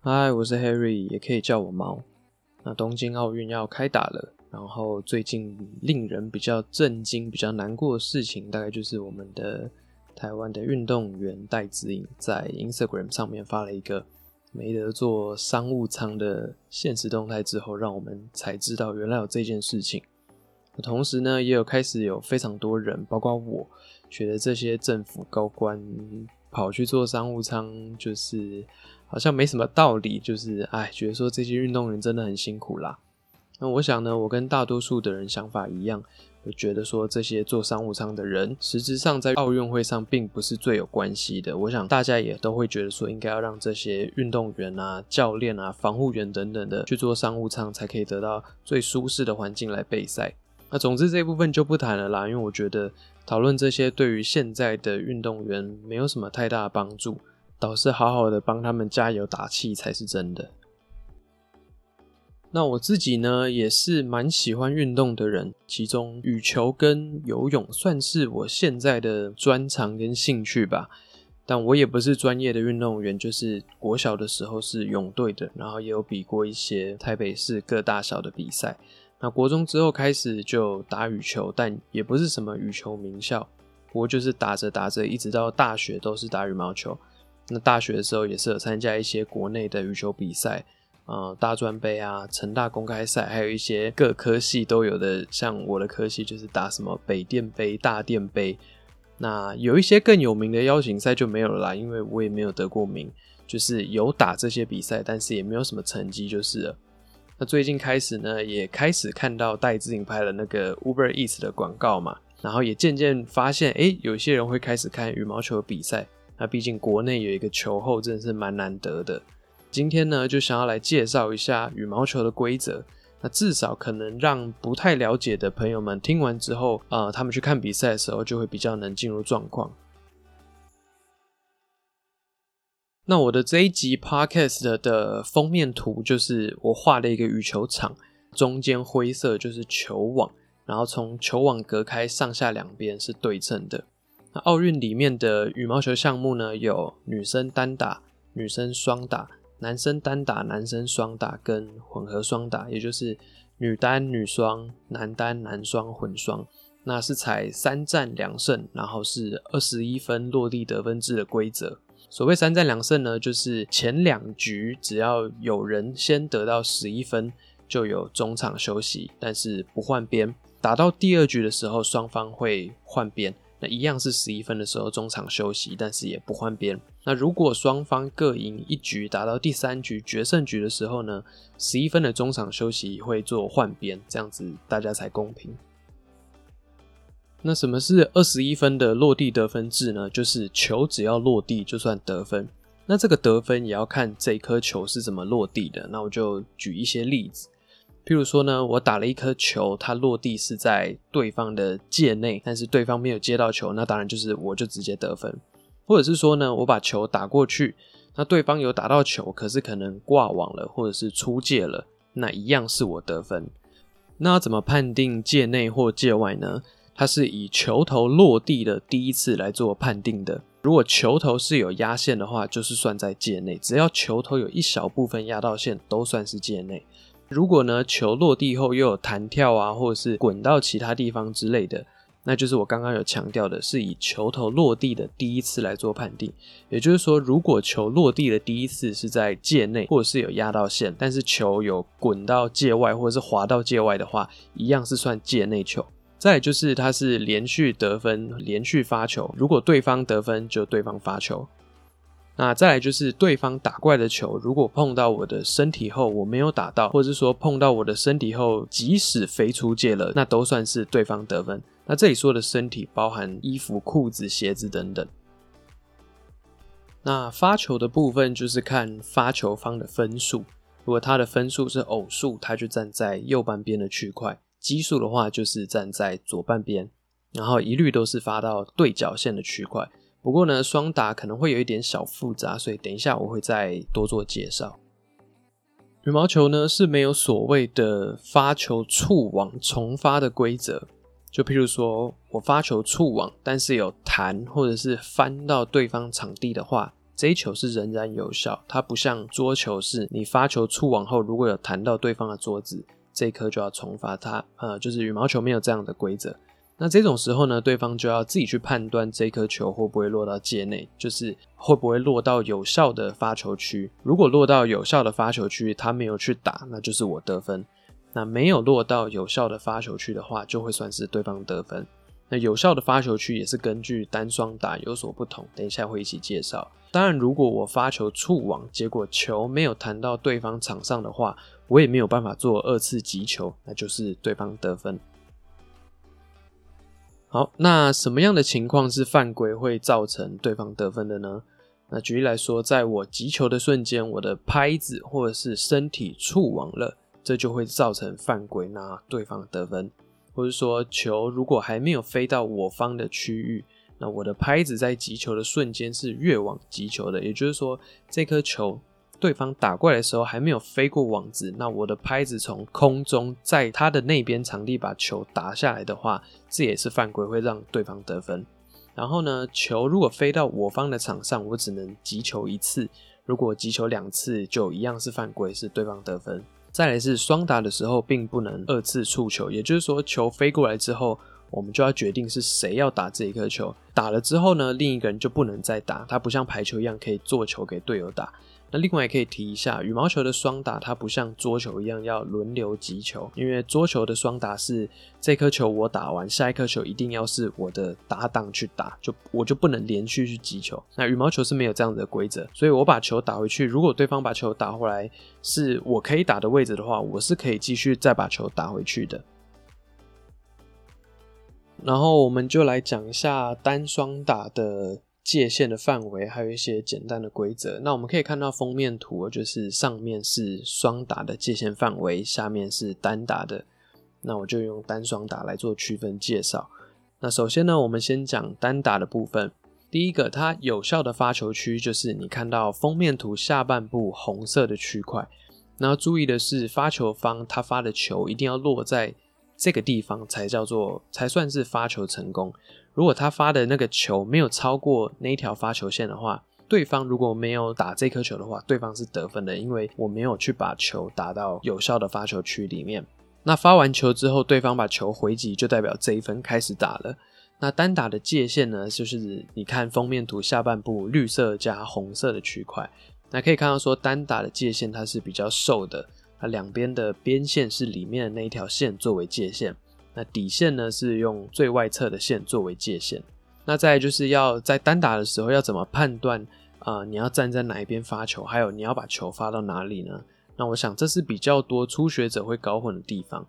嗨，Hi, 我是 Harry，也可以叫我貓。那東京奧運要開打了，然後最近令人比較震驚、比較難過的事情，大概就是我們的台灣的運動員戴資穎在 Instagram 上面發了一個沒得坐商務艙的限時動態之後，讓我們才知道原來有這件事情。同時呢，也有開始有非常多人，包括我，覺得這些政府高官跑去坐商務艙，就是。好像沒什麼道理，就是哎，覺得說這些運動員真的很辛苦啦。那我想呢，我跟大多數的人想法一樣，我覺得說這些坐商務艙的人，實質上在奧運會上並不是最有關係的。我想大家也都會覺得說，應該要讓這些運動員啊、教練啊、防護員等等的去坐商務艙，才可以得到最舒適的環境來備賽。那總之這一部分就不談了啦，因為我覺得討論這些對於現在的運動員沒有什麼太大幫助。倒是好好的幫他們加油打氣才是真的。那我自己呢，也是蠻喜歡運動的人，其中羽球跟游泳算是我現在的專長跟興趣吧。但我也不是專業的運動員，就是國小的時候是泳隊的，然後也有比過一些台北市各大小的比賽。那國中之後開始就打羽球，但也不是什麼羽球名校，不過就是打着打着，一直到大學都是打羽毛球。那大學的時候也是有參加一些國內的羽球比賽，呃，大專杯啊、成大公開賽，還有一些各科系都有的，像我的科系就是打什麼北電杯、大電杯。那有一些更有名的邀請賽就沒有了啦，因為我也沒有得過名，就是有打這些比賽，但是也沒有什麼成績就是了。那最近開始呢，也開始看到戴資穎拍了那個 Uber Eats 的廣告嘛，然後也漸漸發現，誒、欸，有一些人會開始看羽毛球比賽。那畢竟國內有一個球後，真的是蠻難得的。今天呢，就想要來介紹一下羽毛球的規則。那至少可能讓不太了解的朋友們聽完之後，啊，他們去看比賽的時候就會比較能進入狀況。那我的這一集 podcast 的封面圖就是我畫了一個羽球場，中間灰色就是球網，然後從球網隔開上下兩邊是對稱的。奧運裡面的羽毛球項目呢，有女生單打、女生雙打、男生單打、男生雙打跟混合雙打，也就是女單、女雙、男單、男雙、混雙。那是採三戰兩勝，然後是二十一分落地得分制的規則。所謂三戰兩勝呢，就是前兩局只要有人先得到十一分，就有中場休息，但是不換邊。打到第二局的時候，雙方會換邊。那一樣是十一分的時候中場休息，但是也不換邊。那如果雙方各贏一局，達到第三局決勝局的時候呢，十一分的中場休息會做換邊，這樣子大家才公平。那什麼是二十一分的落地得分制呢？就是球只要落地就算得分。那這個得分也要看這顆球是怎麼落地的。那我就舉一些例子。譬如說呢，我打了一顆球，它落地是在對方的界內，但是對方沒有接到球，那當然就是我就直接得分。或者是說呢，我把球打過去，那對方有打到球，可是可能掛網了，或者是出界了，那一樣是我得分。那要怎麼判定界內或界外呢？它是以球頭落地的第一次來做判定的。如果球頭是有壓線的話，就是算在界內，只要球頭有一小部分壓到線，都算是界內。如果呢，球落地後又有彈跳啊，或者是滾到其他地方之類的，那就是我剛剛有強調的，是以球頭落地的第一次來做判定。也就是說，如果球落地的第一次是在界內，或者是有壓到線，但是球有滾到界外，或者是滑到界外的話，一樣是算界內球。再來就是它是連續得分，連續發球，如果對方得分，就對方發球。那再來就是對方打過來的球，如果碰到我的身體後我沒有打到，或者說碰到我的身體後即使飛出界了，那都算是對方得分。那這裡說的身體包含衣服、褲子、鞋子等等。那發球的部分就是看發球方的分數，如果他的分數是偶數，他就站在右半邊的區塊；奇數的話就是站在左半邊，然後一律都是發到對角線的區塊。不過呢，雙打可能會有一點小複雜，所以等一下我會再多做介紹。羽毛球呢，是沒有所謂的發球觸網重發的規則，就譬如說我發球觸網，但是有彈或者是翻到對方場地的話，這一球是仍然有效。它不像桌球是你發球觸網後，如果有彈到對方的桌子，這一顆就要重發它。呃，就是羽毛球沒有這樣的規則。那這種時候呢，對方就要自己去判斷這顆球會不會落到界內，就是會不會落到有效的發球區。如果落到有效的發球區，他沒有去打，那就是我得分；那沒有落到有效的發球區的話，就會算是對方得分。那有效的發球區也是根據單雙打有所不同，等一下會一起介紹。當然，如果我發球觸網，結果球沒有彈到對方場上的話，我也沒有辦法做二次擊球，那就是對方得分。好，那什麼樣的情況是犯規會造成對方得分的呢？那舉例來說，在我擊球的瞬間，我的拍子或者是身體觸網了，這就會造成犯規，拿對方得分。或者說，球如果還沒有飛到我方的區域，那我的拍子在擊球的瞬間是越網擊球的，也就是說，這顆球。對方打過來的時候還沒有飛過網子，那我的拍子從空中在他的那邊場地把球打下來的話，這也是犯規，會讓對方得分。然後呢，球如果飛到我方的場上，我只能擊球一次。如果擊球兩次，就一樣是犯規，是對方得分。再來是雙打的時候，並不能二次觸球，也就是說，球飛過來之後，我們就要決定是誰要打這一顆球，打了之後呢，另一個人就不能再打，他不像排球一樣可以做球給隊友打。那另外也可以提一下，羽毛球的雙打它不像桌球一樣要輪流擊球，因為桌球的雙打是這顆球我打完，下一顆球一定要是我的搭檔去打，就我就不能連續去擊球。那羽毛球是沒有這樣的規則，所以我把球打回去，如果對方把球打回來是我可以打的位置的話，我是可以繼續再把球打回去的。然後我們就來講一下單雙打的。界限的範圍，還有一些簡單的規則。那我們可以看到封面圖，就是上面是雙打的界限範圍，下面是單打的。那我就用單雙打來做區分介紹。那首先呢，我們先講單打的部分。第一個，它有效的發球區就是你看到封面圖下半部紅色的區塊。然後注意的是，發球方他發的球一定要落在這個地方才叫做才算是發球成功。如果他發的那個球沒有超過那一條發球線的話，對方如果沒有打這顆球的話，對方是得分的，因為我沒有去把球打到有效的發球區裡面。那發完球之後，對方把球回擊，就代表這一分開始打了。那單打的界限，呢，就是你看封面圖下半部綠色加紅色的區塊，那可以看到說單打的界限它是比較瘦的，它兩邊的邊線是裡面的那一條線作為界限。那底線呢，是用最外側的線作為界限。那再就是要在單打的時候，要怎麼判斷啊、呃，你要站在哪一邊發球？還有你要把球發到哪裡呢？那我想這是比較多初學者會搞混的地方。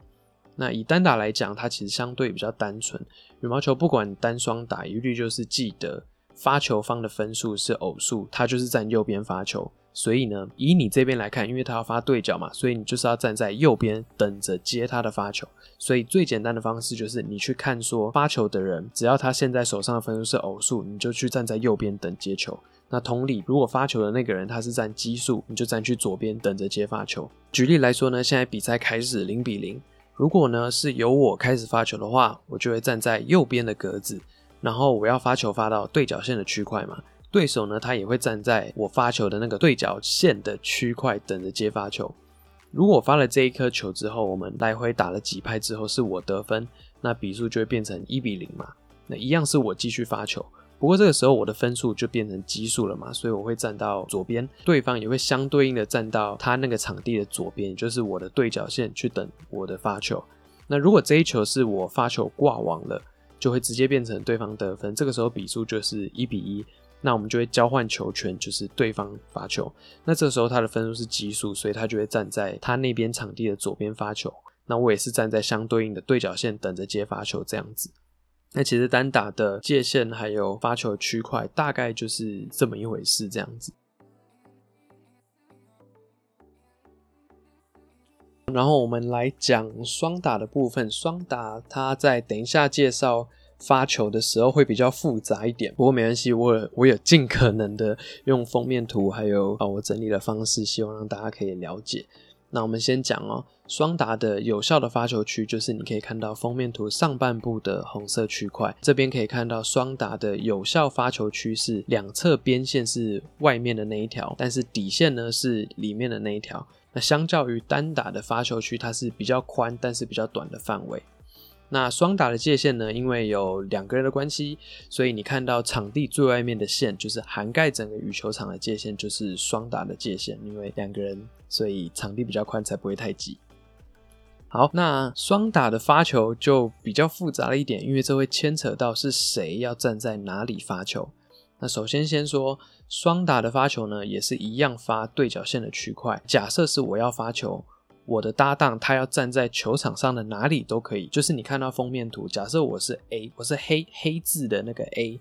那以單打來講，它其實相對比較單純。羽毛球不管單雙打，一律就是記得發球方的分數是偶數，它就是站右邊發球。所以呢，以你這邊來看，因為他要發對角嘛，所以你就是要站在右邊等着接他的發球。所以最簡單的方式就是你去看說發球的人，只要他現在手上的分數是偶數，你就去站在右邊等接球。那同理，如果發球的那個人他是占奇數，你就站去左邊等着接發球。舉例來說呢，現在比賽開始零比零，如果呢是由我開始發球的話，我就會站在右邊的格子，然後我要發球發到對角線的區塊嘛。對手呢，他也會站在我發球的那個對角線的區塊，等着接發球。如果發了這一顆球之後，我們來回打了幾拍之後是我得分，那比數就會變成一比零嘛。那一樣是我繼續發球，不過這個時候我的分數就變成奇數了嘛，所以我會站到左邊，對方也會相對應的站到他那個場地的左邊，就是我的對角線去等我的發球。那如果這一球是我發球掛網了，就會直接變成對方得分，這個時候比數就是一比一。那我們就會交換球權，就是對方發球。那這時候他的分數是奇數，所以他就會站在他那邊場地的左邊發球。那我也是站在相對應的對角線等着接發球這樣子。那其實單打的界限還有發球區塊大概就是這麼一回事這樣子。然後我們來講雙打的部分，雙打它在等一下介紹。發球的時候會比較複雜一點，不過沒關係，我我有盡可能的用封面圖還有啊我整理的方式，希望讓大家可以了解。那我們先講哦，雙打的有效的發球區就是你可以看到封面圖上半部的紅色區塊，這邊可以看到雙打的有效發球區是兩側邊線是外面的那一條，但是底線呢是裡面的那一條。那相較於單打的發球區，它是比較寬但是比較短的範圍。那雙打的界限呢？因為有兩個人的關係，所以你看到場地最外面的線就是涵蓋整個羽球場的界限，就是雙打的界限。因為兩個人，所以場地比較寬，才不會太擠。好，那雙打的發球就比較複雜了一點，因為這會牽扯到是誰要站在哪裡發球。那首先先說雙打的發球呢，也是一樣發對角線的區塊。假設是我要發球。我的搭檔他要站在球場上的哪裡都可以，就是你看到封面圖。假設我是 A，我是黑黑字的那個 A，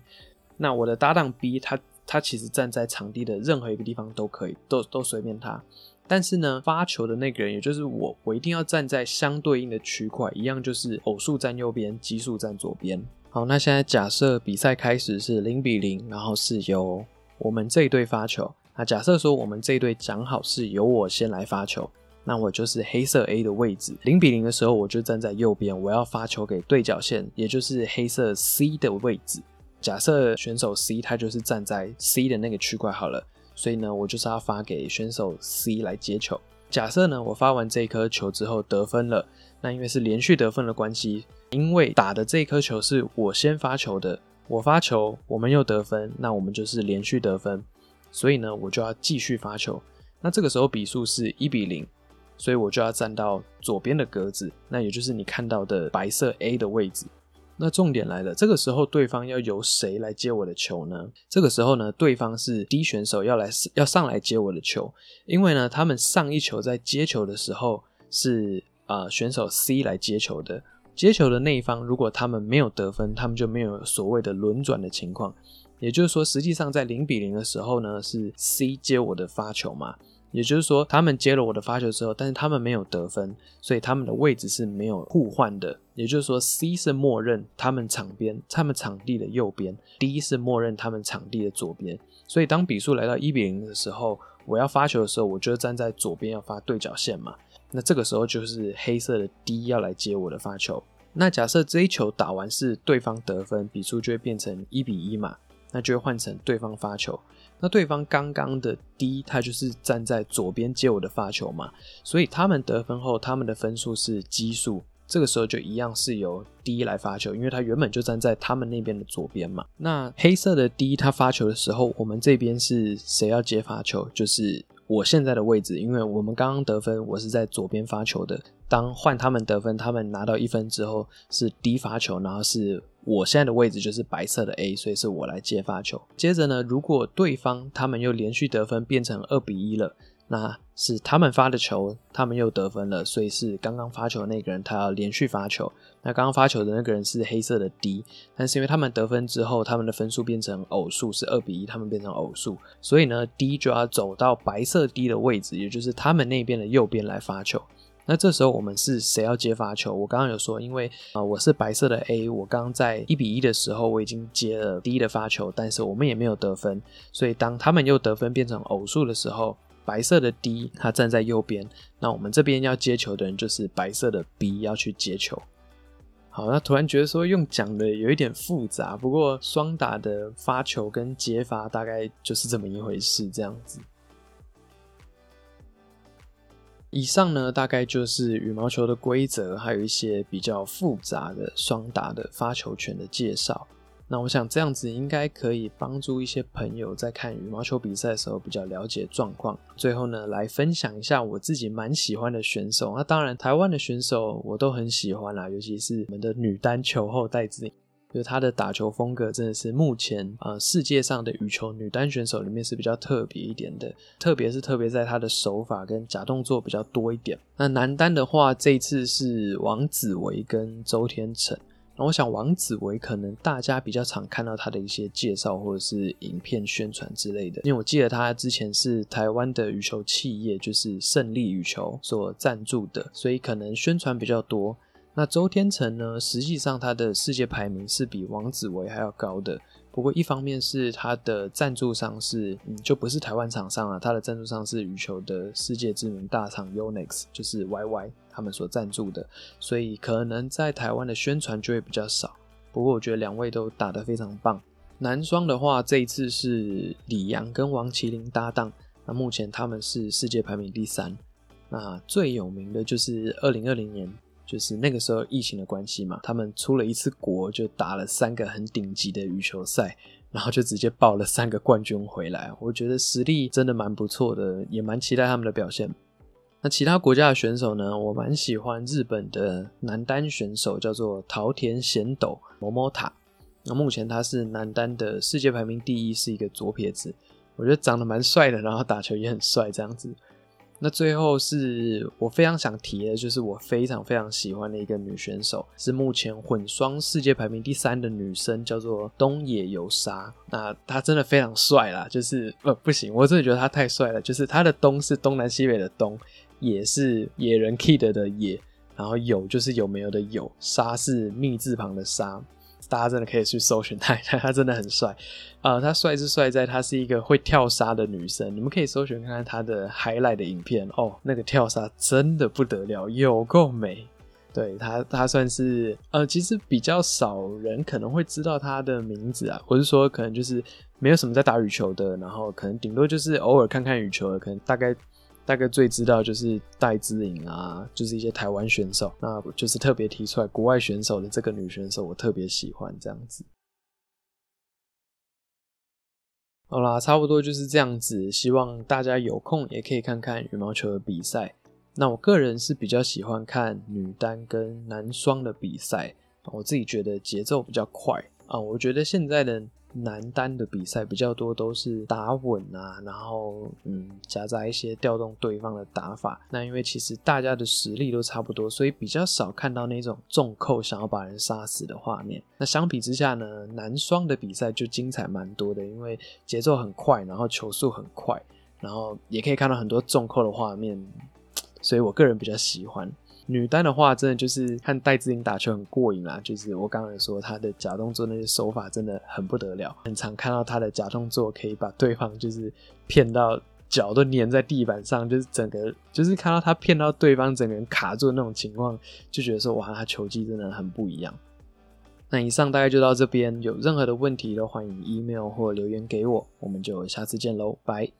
那我的搭檔 B 他他其實站在場地的任何一個地方都可以，都都隨便他。但是呢，發球的那個人，也就是我，我一定要站在相對應的區塊，一樣就是偶數站右邊，奇數站左邊。好，那現在假設比賽開始是零比零，然後是由我們這一隊發球。啊，假設說我們這一隊講好是由我先來發球。那我就是黑色 A 的位置，零比零的時候，我就站在右邊，我要發球給對角線，也就是黑色 C 的位置。假設選手 C 他就是站在 C 的那個區塊好了，所以呢，我就是要發給選手 C 來接球。假設呢，我發完這一顆球之後得分了，那因為是連續得分的關係，因為打的這一顆球是我先發球的，我發球，我們又得分，那我們就是連續得分，所以呢，我就要繼續發球。那這個時候比數是一比零。所以我就要站到左邊的格子，那也就是你看到的白色 A 的位置。那重點來了，這個時候對方要由誰來接我的球呢？這個時候呢，對方是 D 選手要來要上來接我的球，因為呢，他們上一球在接球的時候是啊、呃、選手 C 來接球的，接球的那一方如果他們沒有得分，他們就沒有所謂的輪轉的情況，也就是說，實際上在零比零的時候呢，是 C 接我的發球嘛。也就是說，他們接了我的發球之後，但是他們沒有得分，所以他們的位置是沒有互換的。也就是說，C 是默認他們場邊，他們場地的右邊；D 是默認他們場地的左邊。所以當比數來到一比零的時候，我要發球的時候，我就站在左邊要發對角線嘛。那這個時候就是黑色的 D 要來接我的發球。那假設這一球打完是對方得分，比數就會變成一比一嘛，那就會換成對方發球。那對方剛剛的 D，他就是站在左邊接我的發球嘛，所以他們得分後，他們的分數是奇數，這個時候就一樣是由 D 來發球，因為他原本就站在他們那邊的左邊嘛。那黑色的 D 他發球的時候，我們這邊是誰要接發球？就是我現在的位置，因為我們剛剛得分，我是在左邊發球的。當換他們得分，他們拿到一分之後是 D 發球，然後是。我現在的位置就是白色的 A，所以是我來接發球。接着呢，如果對方他們又連續得分變成二比一了，那是他們發的球，他們又得分了，所以是剛剛發球的那個人，他要連續發球。那剛剛發球的那個人是黑色的 D，但是因為他們得分之後，他們的分數變成偶數，是二比一，他們變成偶數，所以呢，D 就要走到白色 D 的位置，也就是他們那邊的右邊來發球。那這時候我們是誰要接發球？我剛剛有說，因為啊，我是白色的 A，我剛剛在一比一的時候我已經接了 D 的發球，但是我們也沒有得分，所以當他們又得分變成偶數的時候，白色的 D 他站在右邊，那我們這邊要接球的人就是白色的 B 要去接球。好，那突然覺得說用講的有一點複雜，不過雙打的發球跟接發大概就是這麼一回事，這樣子。以上呢，大概就是羽毛球的規則，還有一些比較複雜的雙打的發球權的介紹。那我想這樣子應該可以幫助一些朋友在看羽毛球比賽的時候比較了解狀況。最後呢，來分享一下我自己蠻喜歡的選手。那、啊、當然，台灣的選手我都很喜歡啦、啊，尤其是我們的女單球後戴資穎。就是他的打球風格真的是目前啊世界上的羽球女單選手裡面是比較特別一點的，特別是特別在他的手法跟假動作比較多一點。那男單的話，這一次是王子維跟周天成。那我想王子維可能大家比較常看到他的一些介紹或者是影片宣傳之類的，因為我記得他之前是台灣的羽球企業就是勝利羽球所贊助的，所以可能宣傳比較多。那周天成呢？實際上他的世界排名是比王子維還要高的。不過，一方面是他的贊助商是，嗯，就不是台灣廠商啊，他的贊助商是羽球的世界知名大廠 Yonex 就是 YY 他們所贊助的，所以可能在台灣的宣傳就會比較少。不過，我覺得兩位都打得非常棒。男雙的話，這一次是李洋跟王麒麟搭檔，那目前他們是世界排名第三。那最有名的就是二零二零年，就是那個時候疫情的關係嘛，他們出了一次國，就打了三個很頂級的羽球賽，然後就直接抱了三個冠軍回來。我覺得實力真的蠻不錯的，也蠻期待他們的表現。那其他國家的選手呢？我蠻喜歡日本的男單選手，叫做桃田賢斗、摩摩塔。那目前他是男單的世界排名第一，是一個左撇子。我覺得長得蠻帥的，然後打球也很帥，這樣子。那最後是我非常想提的，就是我非常非常喜歡的一個女選手，是目前混雙世界排名第三的女生，叫做東野有紗。那她真的非常帥啦，就是呃，不行，我真的覺得她太帥了。就是她的東是東南西北的東，野是野人 kid 的野，然後有就是有沒有的有，紗是糸字旁的紗。大家真的可以去搜尋他，他真的很帥，呃，他帥是帥在，他是一個會跳殺的女生，你們可以搜尋看看他的 highlight 的影片哦，那個跳殺真的不得了，有夠美。對他，他算是呃，其實比較少人可能會知道他的名字啊，我是說，可能就是沒有什麼在打羽球的，然後可能頂多就是偶爾看看羽球的，可能大概。大概最知道就是戴資穎啊，就是一些台灣選手，那就是特別提出來國外選手的這個女選手，我特別喜歡這樣子。好啦，差不多就是這樣子，希望大家有空也可以看看羽毛球的比賽。那我個人是比較喜歡看女單跟男雙的比賽，我自己覺得節奏比較快啊，我覺得現在的。男單的比賽比較多，都是打穩啊，然後嗯，夾雜一些調動對方的打法。那因為其實大家的實力都差不多，所以比較少看到那種重扣想要把人殺死的畫面。那相比之下呢，男雙的比賽就精彩蠻多的，因為節奏很快，然後球速很快，然後也可以看到很多重扣的畫面，所以我個人比較喜歡。女單的話，真的就是看戴資穎打球很過癮啊！就是我剛才說她的假動作那些手法真的很不得了，很常看到她的假動作可以把對方就是騙到腳都粘在地板上，就是整個就是看到她騙到對方整個人卡住的那種情況，就覺得說哇，她球技真的很不一樣。那以上大概就到這邊，有任何的問題都歡迎 email 或留言給我，我們就下次見嘍，拜。